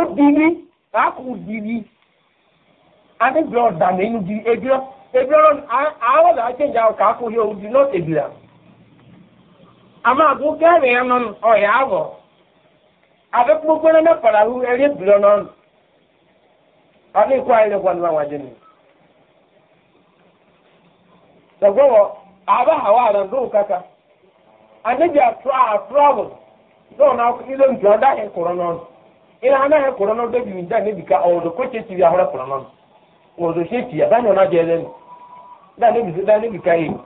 obìnrin àákù òdìrí adébìrì ọ̀dà nínú di ebìrọ̀ ebìrọ̀ àwọn ọ̀dà àjẹjà ọ̀kà àkùnrin òdì náà tèbìrà àmọ́ àgbo gẹ́rẹ̀ yẹn nọ ọ̀yà àwọ̀ àbẹ́kúgbó náà mẹ́fàlà hu ẹ̀rí ebìrọ̀ náà ọdún ikú ayẹyẹ kwan náà wájú ni. Dàgbọ́wọ̀ àbá àwọn àdàndó kaka anagye atọ́ àtọ́ àbọ̀ náà náà ilé dáhìn e ana ya kɔrɔ n'o bi da ne bi ka ɔ do ko ti a hɔrɔ o do cɛ ti ba da ne bi da ne ka ɛ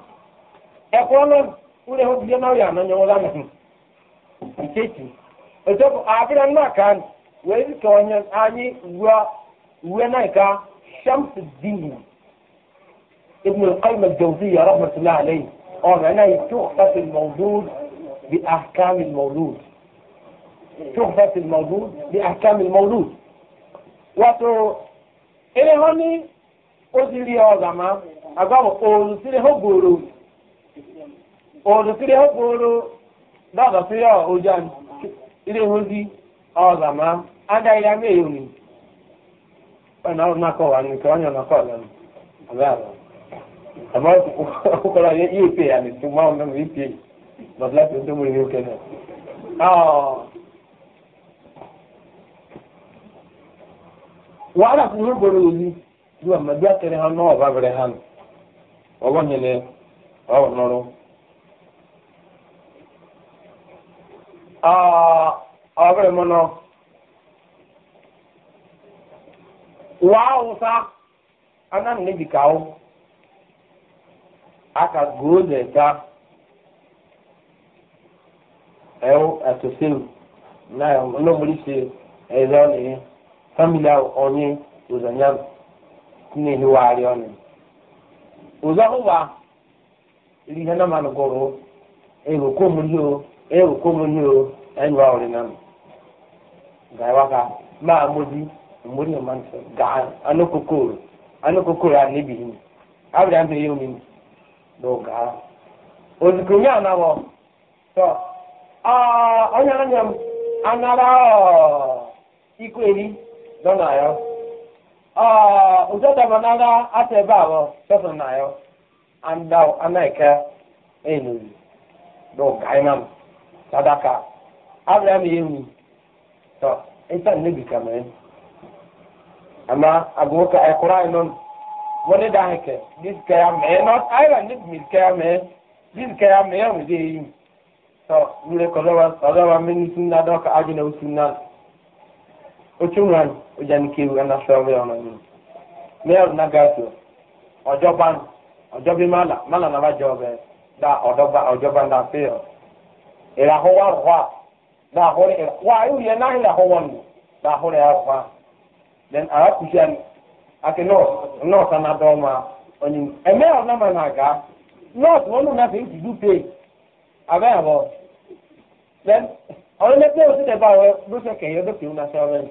e na y'a na ɲɔgɔn la mɛ ti e a n'a kan o ye tɔ ɲɛ an wa n'a ye ka shamsu dini ibn al-qayyim al-jawziyya ɔ bi تحفة المولود بأحكام المولود wato ilé hàn ní ó ti rí ọ̀gá máa agbáwọ̀ oòrùn o ó gbòòrò oòrùn sílẹ̀ ó gbòòrò lọ́dọ̀ sílẹ̀ ọjà ilé hàn sí ọ̀gá máa iye wàhálà fún mi bọ̀rọ̀ òní ló àmà akẹrẹ hàn náà ọba bẹrẹ hàn ọwọ́ yẹn lẹ ọwọ́ nọrọ. ọbẹ̀rẹ̀ mọ́nà wàá wùsà ka kàó aka gòó lẹ́ta ẹ̀wọ̀ àtọ̀sẹ́wù náà ọlọ́mọdé ṣe ẹ̀rọ nìyẹn. Familia onye ụzọ ya na-ehiwagharị ọnụ ụzọ ụwa ihe na mmanụ gụrụ erokomri o erokomri o ẹnu ọrẹ náà gàwa ká máa mójú mójú ọmọ nìfẹ gàá anokokoro anokokoro anibi yìí abiri abiri yìí omi lọ gàá òsìkò nyà náwọ tọ ọ anya m anara ọ ikú èyí. dọ́nà ayọ́ ah, ọjọ́ dàbọ̀ náírà àti ẹ̀bá àwọ̀ sọ́sọ̀ nà ayọ́ andáwọ̀ anáìkẹ́ ẹ̀yìn dọ̀ gàínàm sadaka abraham yẹn mu tọ́ ẹ̀sán níbi kàmẹ́rin àmà àgùnkà anyị ayé nọ́nù wọ́n dá hẹ̀kẹ́ dídì kẹ́yà mẹ́ẹ́ nọ́t ayé níbi mi kẹ́yà mẹ́ẹ́ dídì kẹ́yà mẹ́ẹ́ ọ̀mùdé yẹn mu tọ́ nílẹ̀ kọ́lọ́wà kọ́lọ́wà mẹ́ni sunna dọ́kà na náà na otu nwanyi ojani kewu ana sọrọ ya ọnà yìí mẹ́rin náà gàtò ọjọ́bá ọjọ́bí mọ́là mọ́là náà bá jẹ ọbẹ̀ dá ọ̀dọ́gba ọjọ́bá náà fẹ́ da ìràhọ́wá rọ̀wá dá àhóre ìràhọ́wá ayé òye náà ìràhọ́wọ́ da dá àhóre àrọ̀wá. then arákùsí ẹni àti nọ́ọ̀sì no náà dọ́ ma ọ̀nyìn ẹ̀mẹ́rin náà máa nàgá no wọn no na fi ń dùdú pé abẹ́yàbọ̀ then ọ̀rẹ́lẹ́gbẹ́ òsì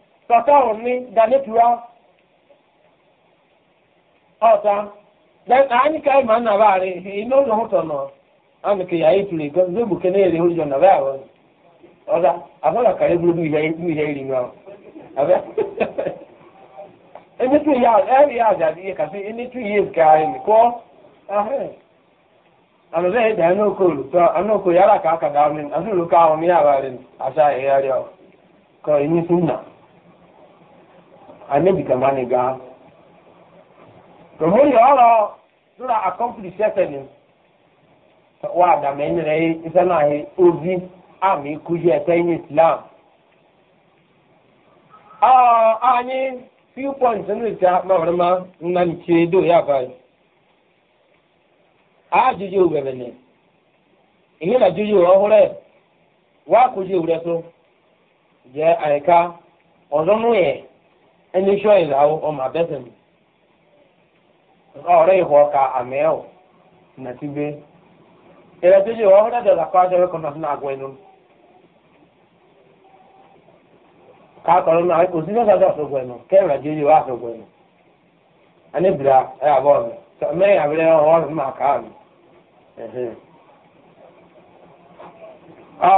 sakaron ni da ne ọta anyị ka ịma na ba re ina hụtọ nọ ana ke yayi ga zebu ke ne re hụjọ na ba wa ọda afọla kare buru mi yayi mi yayi ri ma ya ẹni ya da di ka se ẹni tu ye ka ni ko ahẹ ana ze da no ko lu to ana ko ka ka da min asu lu ka o ya asa annabi kamani ga to muri oro sura accomplish seven wa da men re isana he ozi ami kuje teyin islam ah ani few points nínú ìta mọ̀rọ̀mọ́ nna ya edo yà báyìí ajụjụ òwèrè ni na jụjụ ọhụrụ ẹ wà kụjụ òwúrẹ tó jẹ àyíká ọ̀dọ́nú ẹni sọ ìlàwọ ọmọ abẹsẹmi ọrẹ ìhọ ọka àmẹwò nàti gbé ìrẹsìlẹ ọwọ fẹẹ dẹdẹ làkọ àṣẹ rẹkọndà sínú àgọ ẹnu káàkọrọ náà kò sí sọsọ àṣọgbọ ẹnu kẹrìnà jẹjẹ wà àṣọgbọ ẹnu anibira ẹ àbọ mi mẹyìn abẹrẹ ọwọ mi máa kà á mi ọ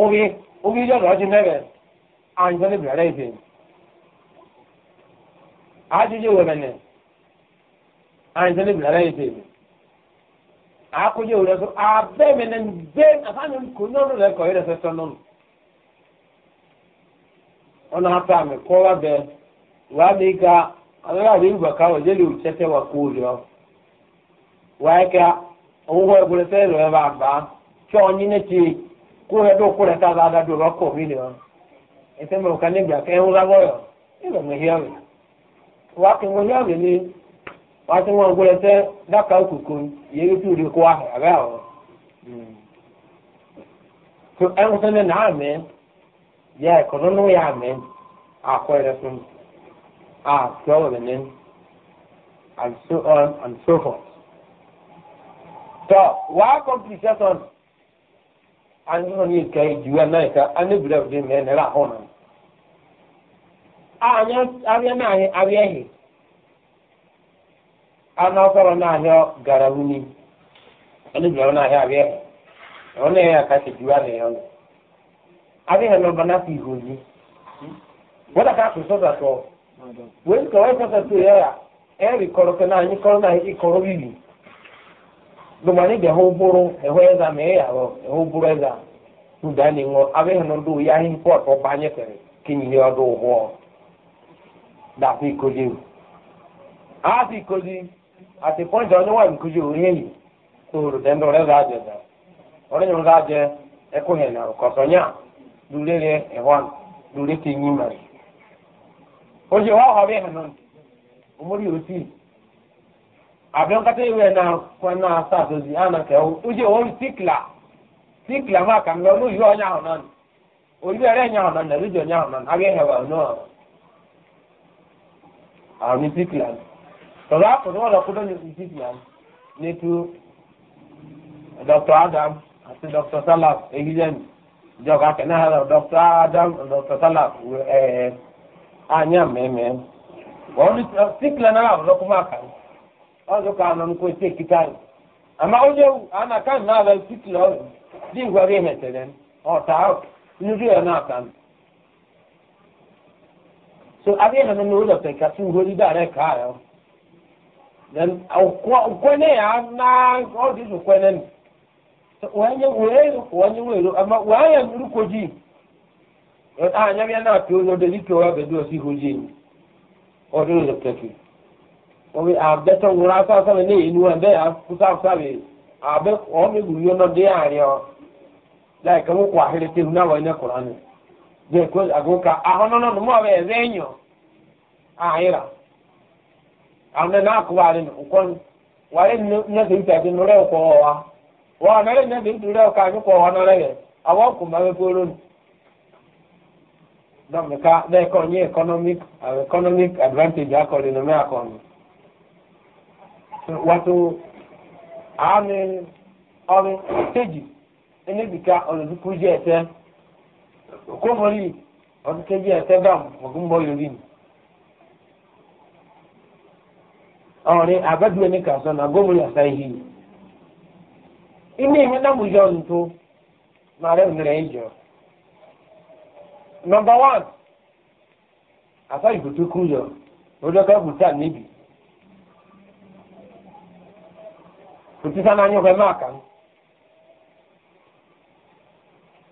omi omi jọ̀dọ̀ ọdún mẹ́rin. an zane bere ife ajụjụ webene an zane bere ife so abe mene mbe afanye nku n'ọrụ na ẹkọ ịrẹsẹ sọ ọ na-apụ amị kọwa bee wàá mee ka ọlọ́lá àbí ìgbà ká wọ́n lélẹ̀ òṣìṣẹ́ wà kó lọ wàá ká kó dó kó ẹsẹ mọ ọka nígbà kẹ ń lábọyọ nígbà mọ híàmì wàá kí mọ híàmì ni wàá tí wọn gbọ́dọ̀ tẹ dáka òkùnkù yẹrí tí òde ya ahẹ abẹ àwọn. tó ẹnu sẹni náà mẹ yẹ ẹkọ ya yà mẹ àkọ ẹrẹ fún mi à tí ọwọ mi ní and so on and so forth. tọ yi na ka an ni bila na abịa n'ahịa abịaghị anụ ọsọrọ n'ahịa gara wuni ọnụ bịara ahịa abịaghị ọnụ ya ka chi a na ya ọnụ abịaghị n'ọba n'afọ ihozi wọ́dà ká kò sọ́dà tọ̀ wọ́n kọ̀ wọ́n sọ́dà tó yẹ ẹ̀rì eri kọrọ náà ní kọ̀rọ̀ náà ní kọ̀rọ̀ bìbì na ọdụ ọrụ. dàfi ìkọjẹ o a fi ìkọjẹ àti pọ́ǹtì ọdún wà ìkọjẹ òrí èyí tó rò dẹ́ndọ̀ ọ̀rẹ́ rà jẹ dà ọ̀rẹ́ yẹn rà jẹ ẹkọ yẹn nà ọ̀kọ̀sọ̀ nyà lórí rẹ ẹ̀wọ̀n lórí ti yín mẹ́rin o ṣe wá ọ̀họ́ bí àrùn ezekiel tọ̀rọ̀ àpọ̀tọ́ wọn lọ́kọ́ lọ́yìn ezekiel nítorí dr adam àti dr salaf egizemi ìjọba kẹ́nà dr adam dr salaf ẹ̀ anya mẹ́mẹ́ wọ́n ní ezekiel náà lọ́kọ́ máa kàn wọ́n lọ́kọ́ àná ní kò tí ì kíkà yìí àmọ́ ó léwu àná kàn náà lọ ezekiel ọ̀rọ̀ bí ìwé rí ẹ̀mẹ̀tẹ̀rẹ̀ ọ̀tá nírú ẹ̀ náà kàn so abin da nan da kai ka sun gori da rai o yau dan ko ne ya na ko di su ko nan wani wani o wani o wani ruko ji a nya ah, ah, mi na to da dike wa be do si hoji o do da kai o mi abda to ngura sa sa ne inu an be a kusa kusa be abe o mi guri no de ari o dai kamo kwa hele te na wa ne qur'ani because agoka ahonono numo be zenyo ahira amne enyo. kubale no kon wale na se ita bi nore ko wa wa n'ụlọ le na bi dure ka ko ko wa le awo ku ma be poro no me watu ọrụ enebika ete kófòrí ọdún kejì ẹ̀tẹ́gbàm ọdún bọ́ yorì ni. ọ̀rẹ́ abẹ́dúró ní kàṣọ náà gómìnà ọ̀sá ihe yìí. inú èmi náà mo yọ ọ̀nù tó máa rẹ̀ ònú rẹ̀ ń jọ. nọmba wán àfa ìbùtú kú yọ lọ́dọ́kẹ́ bùtà níbi. òtítà náà yọ̀ fẹ́ máa kàn án.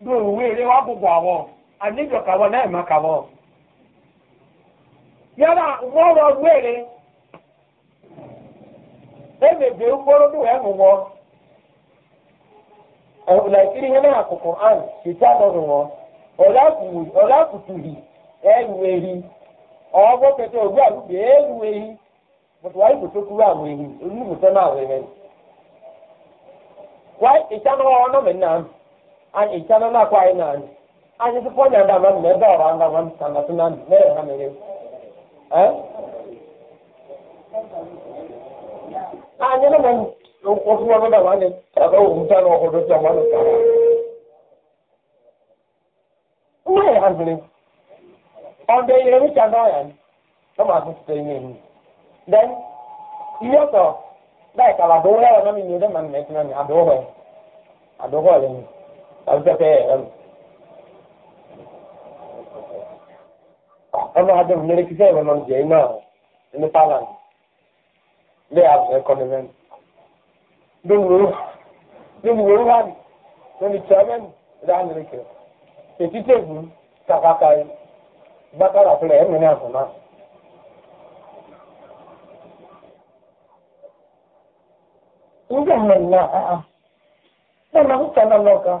do uwe ere wa bụbụ awọ anịjọ kawọ na ịma na yala nwọrọ were emebie mkpụrụ ndụ ya ṅụwọ ọbụlakiri ihe na-akụkụ an site anọ ṅụwọ ọlakwụtụghị eruweghị ọgwụ pete ahụ ehi olu ibuto ahụ ehi kwa nna anyị ịchala akwa anyị na anyị anyị tupu onye na ebe ọra ada mmadụ ka na mere ha mere anyị na mmadụ otu ọrụ na anyị aga owu nta na ọhụrụ otu ọmụma n'ụka mmanya ha ọ dị ihe ncha na ọya ọ ma then ihe ọtọ daịkala adụghọ ya na mmiri na adụghọ أبدأ ọmọ adé mi lórí kíkẹ́ ìwọ̀n ọ̀jẹ̀ iná ní pálánì lé àbùsẹ̀ kọ́nẹ́mẹ́nì lórí wòrú hàn lórí tìrẹ́mẹ́nì láàánú rẹ̀ ètí tèbú kàkàkà bákàrà fúnra ẹ̀mí ní àfọ̀nà. Nígbà mẹ́rin náà, ẹ̀ máa ń tẹ̀lé lọ́kàn.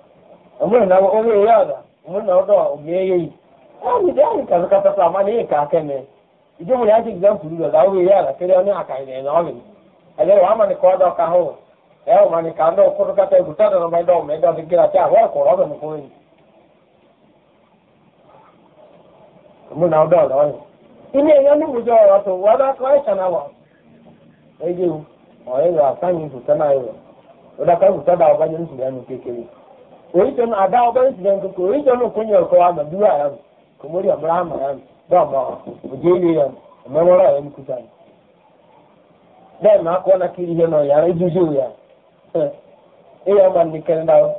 na omwana oba eranga omwana otowa ogeyeyi amidani kazi katasama naye ya ijo muli ati example ga oba eranga kere oni akaine nobi ajari wamani kodo kaho ewo mani kando okutu kata ekutada no maido omaido tikira cha wa korobe mukoni omwana odo loni ine yanu mujo watu wada kwaisha nawa ejiu oyo asanyi tutana yo oda kwa tutada abanye ntu yanyu oríṣi ọ̀nà àdá ọgbẹ́ ìṣẹ̀lẹ̀ nǹkan oríṣi ọ̀nà òkúnyẹ̀ ọ̀kọ́ wa màdúrà yẹn kò mórí ọ̀mọ́ra àmà yẹn bẹ́ẹ̀ mọ́ òjò ilé yẹn ọ̀mọ́wọ́rọ̀ yẹn kúta yẹn. bẹ́ẹ̀ máa kọ́ ọ́nà kiri yẹn náà yàrá ìdú sí òyà ẹ yẹn máa nìkan ní dáwọ́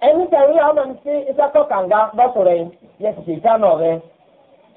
ẹni tẹ̀wé ọmọ mi sí iṣẹ́ tó kànga bọ́ sọ̀rọ̀ yìí yẹ ti ṣèṣá náà rẹ̀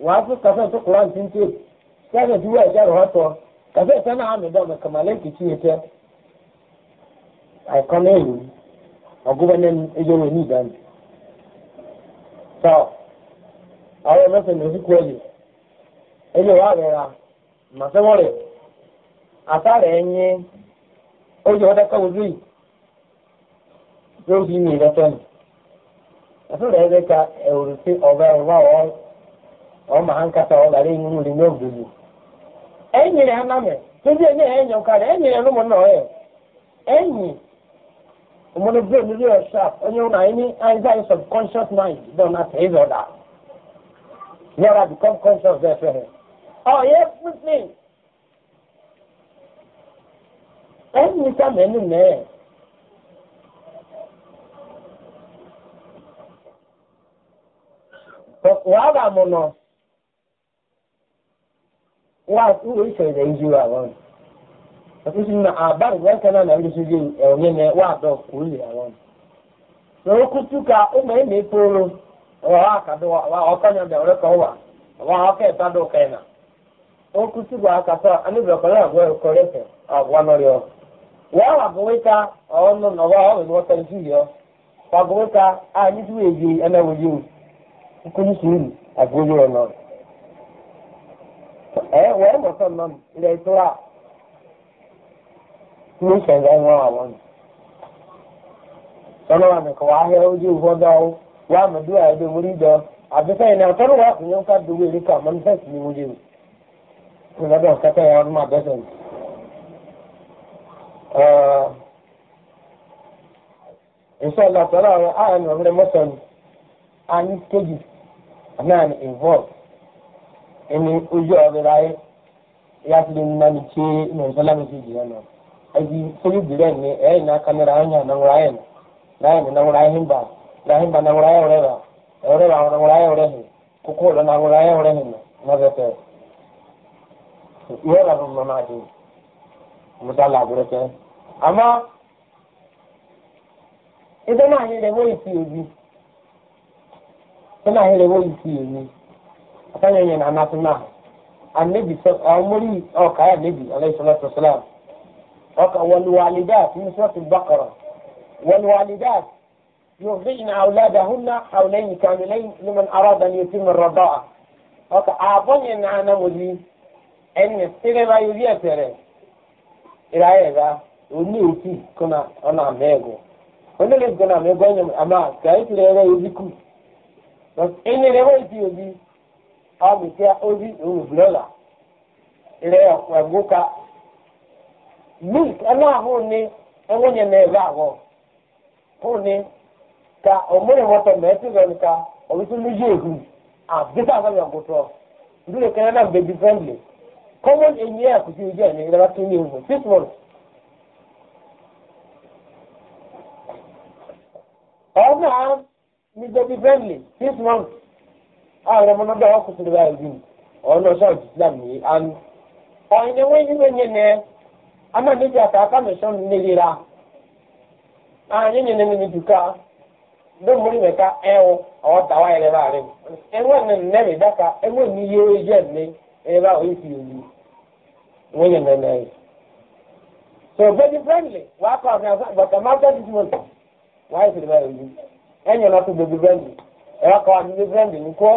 wàá fún kàfẹ́ tó kura ní ti sábẹ̀ tí wọ́n ẹ̀já rẹ̀ wọ́tọ̀ kàfẹ́ sẹ́nà àmì dọ́ọ̀mù kàmálẹ́ kìkì yìí tẹ́ àìkọ́ náà yìí ọ̀gọ́bẹ̀ náà ẹjọ́ rẹ̀ ní ìdáni. tọ́ àwọn mẹ́fẹ̀ ní ojú kúrẹ́lì ẹni wàá rẹ̀ ra màsẹ́wọ́ rẹ̀ àtàrẹ̀ ẹ̀yẹ ka ẹ̀rù sí ọ̀gá ẹ̀rọ ọ ma ha nkata ọ ghara ịṅụ nri nye obodo enyere ha na mere tupu enye ha enyo karịa enyere na ụmụnna ọya enyi ụmụnna bụ emiri ọsha onye ụlọ anyị anyị anyị subconscious mind dọ na ta ịzọ da nyara become conscious dị efe ọ ya efusi enyi ka ma enyi na ya wàá bàmù nọ. wàásù ìṣẹ̀lẹ̀ ìjú àwọn àtúnṣe ní àbáàrò lẹ́kàn náà nàá lóṣù jẹ́ ẹ̀wọ̀n yẹn wà dọ̀ kú lè àwọn. lọ́wọ́ kútùkà ó mọ̀ ẹ́mì polo ọ̀rọ̀ àkàdọ̀ wà ọ̀kọ́ ní ọ̀dọ̀ ọ̀rẹ́kọ̀ wà wà ọ̀kẹ́ ìtàdọ̀ kẹ́nà. ó kútùkà àkàtọ̀ aníbìrọ̀kọ̀ náà wọ ومصمم لإسراء مش هذا ما أظن sọlọ́wọ́ mi kọ́ wá hẹ́ ojú ìfọ́dọ̀ ọ́ wá mọ̀dúrà ẹ̀dẹ̀ wọlé jọ àbísẹ́ ìnáwó tọ́lọ́ wà fún yóò ká dùwé rí ká mọ́nífẹ́sì ni mo lè wò ní lọ́dọ̀ kẹtẹ́ yẹn ọdún máa bẹ́sẹ̀ ní. ìṣọ̀lá tọ́lọ́ àwọn àyàn ọ̀rẹ́ mọ́sàn kéjì náà involve. ẹni ojú ọ̀rẹ́ ráyé ya fi nuna ni ce mai zalama su ji yana aji kuri biren ne ya yi na kamera hanya na wurayen rayen na wurayen ba rayen ba na wurayen wurera wurera na wurayen wurera ko ko da na wurayen wurera ne na zata yau rabin mama ji misali abu rake amma ita na yi da wani fiye bi tana yi da wani fiye bi akanya yẹn na anato na anabi sọ ọmọlì ọkà anabi alayhisalatu wasalam ọkà wàlúwàlídàt ní sọ́ọ̀tù bàkàrà wàlúwàlídàt يرضعن أولادهن حولين كاملين لمن أراد أن يتم الرضاعة ọkà àbọ̀nyẹ̀ náà náà mo di ẹni tẹ́lẹ̀ bá yọrí ẹ̀tẹ̀rẹ̀ ìráyẹ̀ rà òní òkì kọ́nà ọ̀nà àmẹ́gọ̀ onílẹ̀ gbọ́nà àmẹ́gọ̀ ẹ̀yẹ̀ àmà kàyẹ́tì rẹ̀ yọrí kù ẹni rẹ̀ ọmịsịa ozi ruvlola ree ọgwụka milk ọnụ ahụ ni enwunye na-ebe ahụ hụ ni ka omere nwata ma esi zọ nka ọbụsị n'uji egwu a bịta agbanyọ ngwụtọ ndị na kenya na baby friendly common enyi ya kụzi uji a na-ere aka inye ihu six months ọ bụ ha ni baby friendly six months àwọn ah, ọmọ náà dáwọ́ kùsùn lóra ìlú ọ̀nà ṣọ́ọ̀jì islam yìí àmì ọ̀yìn ẹ̀wọ̀n yìí wọ́n yẹn nẹ́ amáàdéjì àtàkà mẹ́sàn án nílera àyìn yẹn nẹ́ni dùkà ní ní nẹ́ẹ̀mí dáka ní òye fi òye wọ́n yẹn so very friendly wàá kọ́ má bẹ́ẹ̀ yẹ fi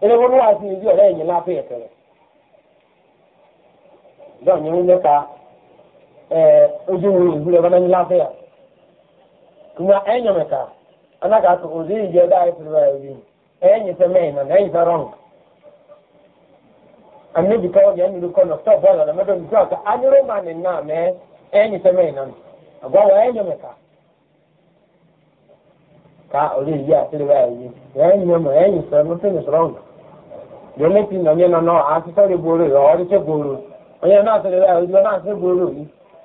eléwo ló eh, a sí ibi ọ̀rẹ́ ẹ̀yìn máa fẹ́ ẹ̀tọ́ rẹ̀ dọ́ọ̀ ní wọ́n mẹ́ta ojú wo ìwúlẹ̀ bá mẹ́ni láfẹ́ yà kùmà ẹ̀yìn mẹ́ta anákàtọ̀ òdì ìjẹ́ dáa ya rẹ̀ òdì ẹ̀yìn sẹ́ mẹ́yìn náà ẹ̀yìn sẹ́ rọ́ǹg kọ́ yẹn nílùú kọ́ nà stọ̀ bọ́ọ̀lù ọ̀nà mẹ́tọ́ nítorí àti yi àti lelepi na onye nọ n'asịsọrị gboro ya ọrịcha gboro onye na-asịrịba ya ozi na-asị gboro ozi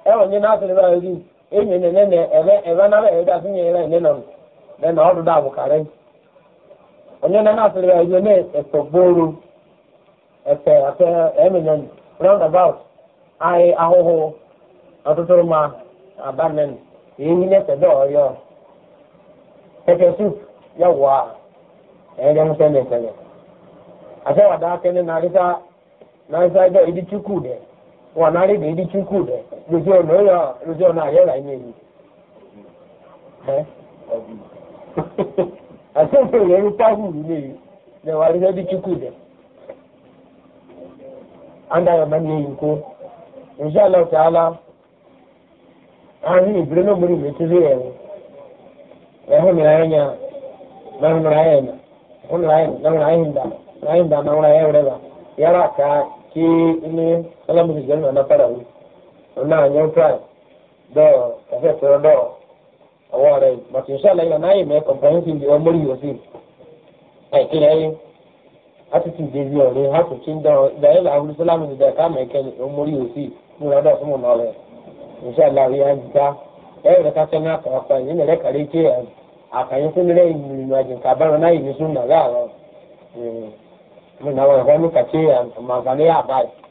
ewe onye ya ozi enyi na na ebe ebe ebe nọ na na onye na na-asịrịba ya ozi na efe gboro efe efe emenyen round about ahụhụ ọtụtụ ma ehi ọrịa afɛwa daa kɛnɛ narisa narisa ibɛ idi tsuku dɛ wa nari bi idi tsuku dɛ lusi ɔnɔ yɔ lusi ɔnɔ ayɛ la ime yi ɛ asɛnfɛ yɛ ɛlu pahu yi ne yi dɛ wa arisa idi tsuku dɛ anda yɔ mɛni yi ko inshallah taala ahi ibire na omori mi tiri yɛ wo ɛhu mi ayɛ nya mɛhu mi ayɛ na ɛhu mi ayɛ na mɛhu mi ayɛ na. rayin da na wura yau ba yara ka ki ni ala mu na fara wi na yan try do ka fe to do awara but inshallah ina nayi me comprehensive di omori yo sin ai ka me ken omori yo sin na do sumo na e, ya ta eh da ka tana ka ka ke a kan yi kun ne ni ma jin ka ba na yi ni sun na wananuka chini mavanea habari é